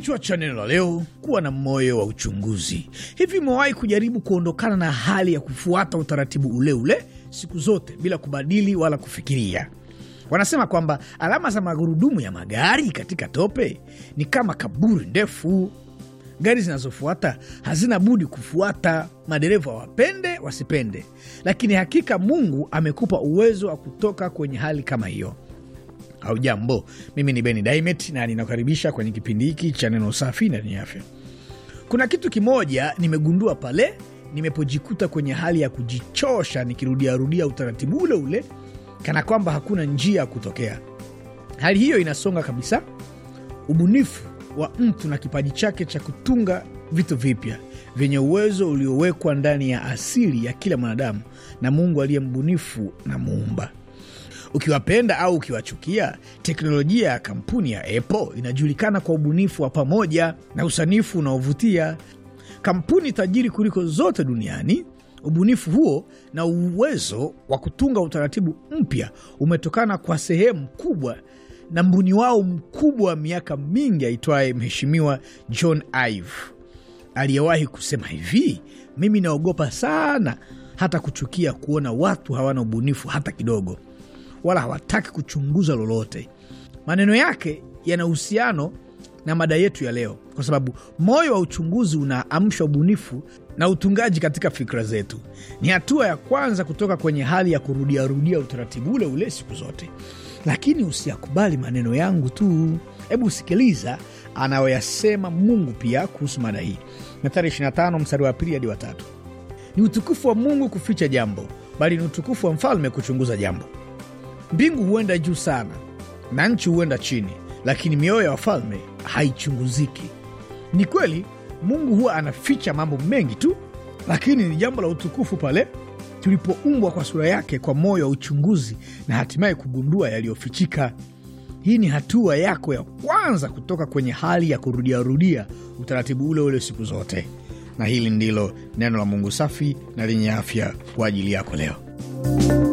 Kichwa cha neno la leo: kuwa na moyo wa uchunguzi. Hivi umewahi kujaribu kuondokana na hali ya kufuata utaratibu ule ule siku zote bila kubadili wala kufikiria? Wanasema kwamba alama za magurudumu ya magari katika tope ni kama kaburi ndefu. Gari zinazofuata hazina budi kufuata, madereva wapende wasipende. Lakini hakika Mungu amekupa uwezo wa kutoka kwenye hali kama hiyo jambo mimi ni Beni Dimet na ninakaribisha kwenye kipindi hiki cha neno safi na lenye afya. Kuna kitu kimoja nimegundua pale nimepojikuta kwenye hali ya kujichosha nikirudiarudia utaratibu ule ule, kana kwamba hakuna njia ya kutokea. Hali hiyo inasonga kabisa ubunifu wa mtu na kipaji chake cha kutunga vitu vipya vyenye uwezo uliowekwa ndani ya asili ya kila mwanadamu na Mungu aliye mbunifu na muumba. Ukiwapenda au ukiwachukia, teknolojia ya kampuni ya Apple inajulikana kwa ubunifu wa pamoja na usanifu unaovutia. Kampuni tajiri kuliko zote duniani, ubunifu huo na uwezo wa kutunga utaratibu mpya umetokana kwa sehemu kubwa na mbuni wao mkubwa wa miaka mingi aitwaye Mheshimiwa John Ive aliyewahi kusema hivi: mimi naogopa sana hata kuchukia kuona watu hawana ubunifu hata kidogo wala hawataki kuchunguza lolote. Maneno yake yana uhusiano na mada yetu ya leo, kwa sababu moyo wa uchunguzi unaamsha ubunifu na utungaji katika fikra zetu. Ni hatua ya kwanza kutoka kwenye hali ya kurudiarudia utaratibu ule ule siku zote. Lakini usiyakubali maneno yangu tu. Hebu sikiliza anayoyasema Mungu pia kuhusu mada hii, Mithali 25 mstari wa pili hadi watatu: ni utukufu wa Mungu kuficha jambo, bali ni utukufu wa mfalme kuchunguza jambo. Mbingu huenda juu sana na nchi huenda chini, lakini mioyo ya wafalme haichunguziki. Ni kweli Mungu huwa anaficha mambo mengi tu, lakini ni jambo la utukufu pale tulipoumbwa kwa sura yake, kwa moyo wa uchunguzi na hatimaye kugundua yaliyofichika. Hii ni hatua yako ya kwanza kutoka kwenye hali ya kurudiarudia utaratibu ule ule siku zote, na hili ndilo neno la Mungu safi na lenye afya kwa ajili yako leo.